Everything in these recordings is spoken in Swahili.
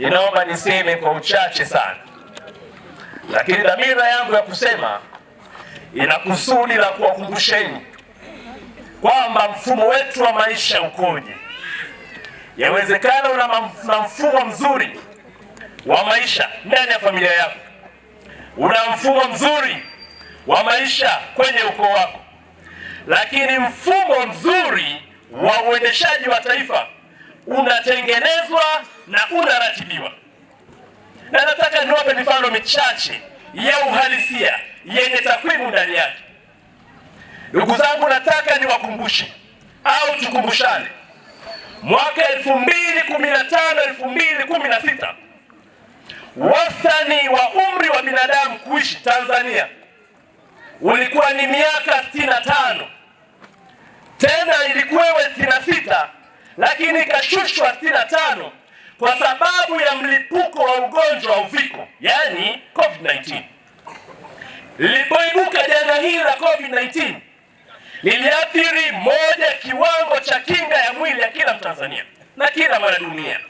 ninaomba niseme kwa uchache sana, lakini dhamira yangu ya kusema ina kusudi la kuwakumbusheni kwamba mfumo wetu wa maisha ukoje. Yawezekana una mfumo mzuri wa maisha ndani ya familia yako, una mfumo mzuri wa maisha kwenye ukoo wako, lakini mfumo mzuri wa uendeshaji wa taifa unatengenezwa na unaratibiwa. Na nataka niwape mifano michache ya uhalisia yenye takwimu ndani yake. Ndugu zangu, nataka niwakumbushe au tukumbushane, mwaka 2015 2016 wastani wa umri wa binadamu kuishi Tanzania ulikuwa ni miaka 65, tena ilikuwa 66 lakini ikashushwa sitini na tano kwa sababu ya mlipuko wa ugonjwa wa uviko yaani COVID-19. Lilipoibuka janga hili la COVID-19 liliathiri moja kiwango cha kinga ya mwili ya kila Mtanzania na kila mwanadunia.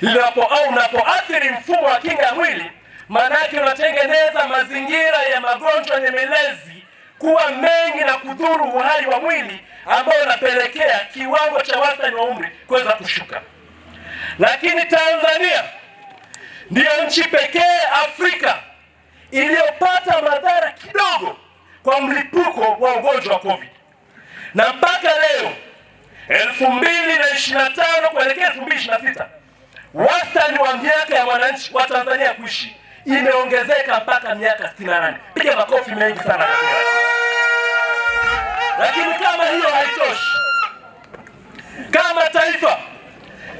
Linapo au unapoathiri mfumo wa kinga ya mwili, yake unatengeneza mazingira ya magonjwa nyemelezi kuwa mengi na kudhuru uhai wa mwili ambao unapelekea kiwango cha wastani wa umri kuweza kushuka. Lakini Tanzania ndiyo nchi pekee Afrika iliyopata madhara kidogo kwa mlipuko wa ugonjwa wa COVID, na mpaka leo 2025 kuelekea 2026 wastani wa miaka ya wananchi wa Tanzania kuishi imeongezeka mpaka miaka 68. Piga makofi mengi sana. Lakini kama hiyo haitoshi, kama taifa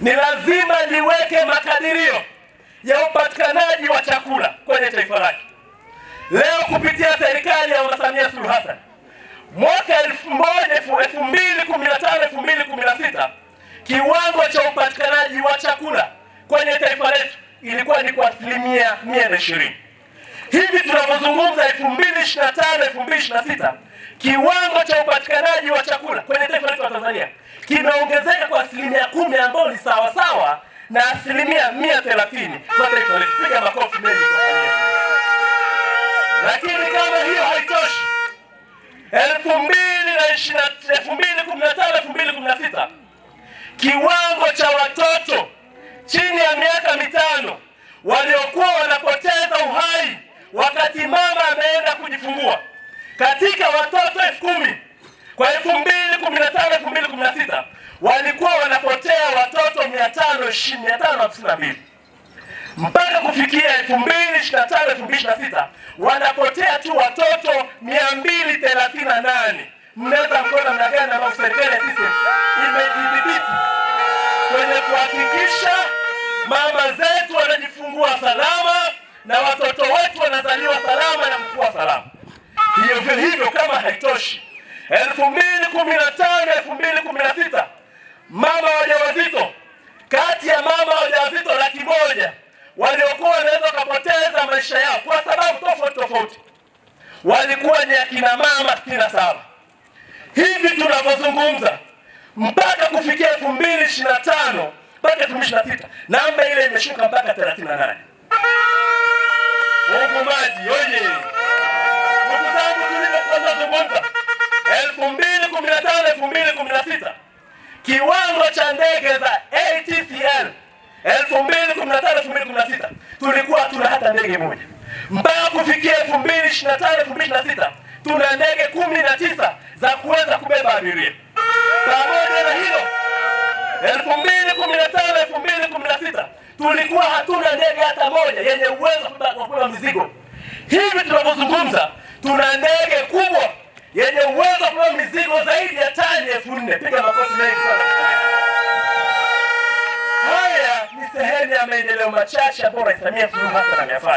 ni lazima niweke makadirio ya upatikanaji wa chakula kwenye taifa lake. Leo kupitia serikali ya Mama Samia Suluhu Hassan mwaka 2015 2016 kiwango cha upatikanaji wa chakula kwenye taifa letu ilikuwa ni kwa asilimia 120. Hivi tunavyozungumza 2025 2026 kiwango cha upatikanaji wa chakula kwenye taifa letu la Tanzania kimeongezeka kwa asilimia kumi ambayo ni sawasawa na asilimia mia thelathini kwa taifa letu. Piga makofi mengi. Lakini kama hiyo haitoshi, elfu mbili na ishirini elfu mbili kumi na tano elfu mbili kumi na sita kiwango cha watoto chini ya miaka mitano waliokuwa wanapoteza uhai wakati mama ameenda kujifungua katika watoto elfu kumi kwa elfu mbili kumi na tano elfu mbili kumi na sita walikuwa wanapotea watoto mia tano mia tano hamsini na mbili mpaka kufikia elfu mbili ishirini na tano elfu mbili ishirini na sita wanapotea tu watoto mia mbili thelathini na nane Mnaweza namna gani ambayo serikali sisi imejidhibiti kwenye kuhakikisha mama zetu wanajifungua Moshi 2015 2016, mama wajawazito, kati ya mama wajawazito laki moja waliokuwa wanaweza wakapoteza maisha yao kwa sababu tofauti tofauti walikuwa ni akina mama sitini saba. Hivi tunavyozungumza mpaka kufikia 2025 mpaka 2026 namba ile imeshuka mpaka 38 na nane. oye! 2016 kiwango cha ndege za ATCL 2015 2016 tulikuwa tuna hata ndege moja mpaka kufikia 2025 2026 tuna ndege 19 na za kuweza kubeba abiria. Pamoja na hilo, 2015 2016 tulikuwa hatuna ndege hata moja yenye uwezo wa kubeba mizigo. Hivi tunapozungumza tuna ndege kubwa yenye uwezo wa kubeba mizigo zaidi ya tani elfu nne. Piga makofi mengi sana. Haya ni sehemu ya maendeleo machache ambayo Rais Samia Suluhu Hassan ameyafanya.